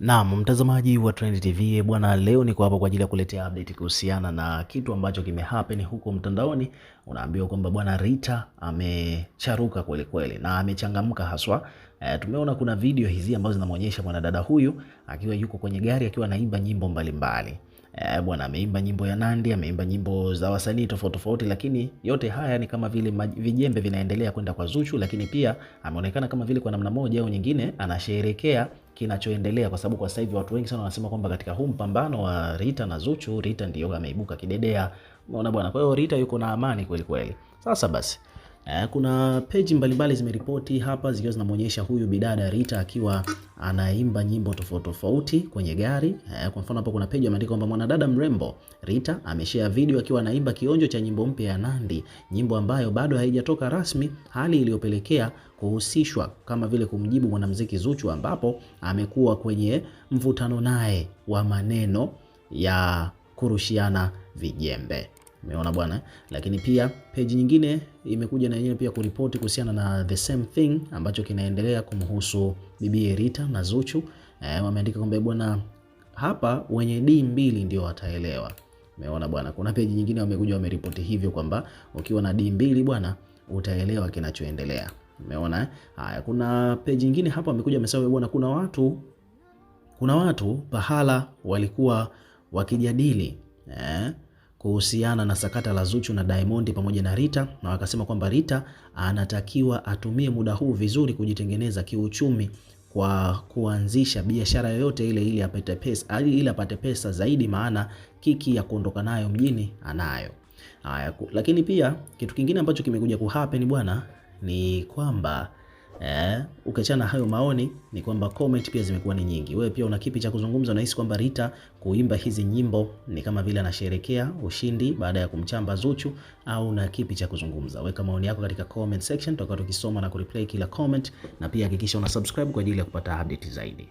Naam, mtazamaji wa Trend TV bwana, leo niko hapa kwa ajili ya kuletea update kuhusiana na kitu ambacho kimehappen huko mtandaoni. Unaambiwa kwamba bwana Rita amecharuka kweli kweli na amechangamka haswa. E, tumeona kuna video hizi ambazo zinamuonyesha mwanadada huyu akiwa yuko kwenye gari akiwa anaimba nyimbo mbalimbali mbali. E, bwana ameimba nyimbo ya Nandi, ameimba nyimbo za wasanii tofauti tofauti, lakini yote haya ni kama vile vijembe vinaendelea kwenda kwa Zuchu, lakini pia ameonekana kama vile kwa namna moja au nyingine anasherekea kinachoendelea, kwa sababu kwa sasa hivi watu wengi sana wanasema kwamba katika huu mpambano wa Rita na Zuchu, Rita ndio ameibuka kidedea. Unaona bwana, kwa hiyo Rita yuko na amani kweli kweli. Sasa basi Eh, kuna peji mbalimbali zimeripoti hapa zikiwa zinamwonyesha huyu bidada Rita akiwa anaimba nyimbo tofauti tofauti kwenye gari. Eh, kwa mfano hapo kuna peji imeandika kwamba mwanadada mrembo Rita ameshare video akiwa anaimba kionjo cha nyimbo mpya ya Nandy, nyimbo ambayo bado haijatoka rasmi, hali iliyopelekea kuhusishwa kama vile kumjibu mwanamuziki Zuchu ambapo amekuwa kwenye mvutano naye wa maneno ya kurushiana vijembe. Umeona bwana, lakini pia page nyingine imekuja na yenyewe pia kuripoti kuhusiana na the same thing ambacho kinaendelea kumhusu bibi Rita na Zuchu. Eh, wameandika kwamba bwana, hapa wenye D mbili ndio wataelewa. Umeona bwana, kuna page nyingine wamekuja wameripoti hivyo kwamba ukiwa na D mbili bwana utaelewa kinachoendelea. Umeona haya, kuna page nyingine hapa wamekuja wamesema bwana, kuna watu kuna watu pahala walikuwa wakijadili eh? kuhusiana na sakata la Zuchu na Diamond pamoja na Rita, na wakasema kwamba Rita anatakiwa atumie muda huu vizuri kujitengeneza kiuchumi kwa kuanzisha biashara yoyote ile ili apate pesa, ili apate pesa zaidi, maana kiki ya kuondoka nayo mjini anayo. Haya, lakini pia kitu kingine ambacho kimekuja kuhappen bwana ni kwamba Eh, ukiachana hayo maoni ni kwamba comment pia zimekuwa ni nyingi. Wewe pia una kipi cha kuzungumza? Unahisi kwamba Rita kuimba hizi nyimbo ni kama vile anasherekea ushindi baada ya kumchamba Zuchu au na kipi cha kuzungumza? Weka maoni yako katika comment section, tutakuwa tukisoma na kureply kila comment, na pia hakikisha una subscribe kwa ajili ya kupata update zaidi.